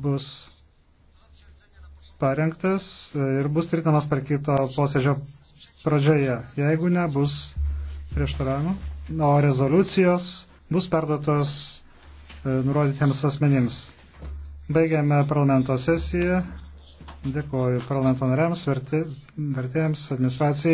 bus parengtas ir bus tvirtinamas per kito posėdžio pradžioje, jeigu nebus prieštaravimų, o rezoliucijos bus perdotos e, nurodytiems asmenims. Baigiame parlamento sesiją. Dėkuoju parlamento nariams, vertėjams, administracijai.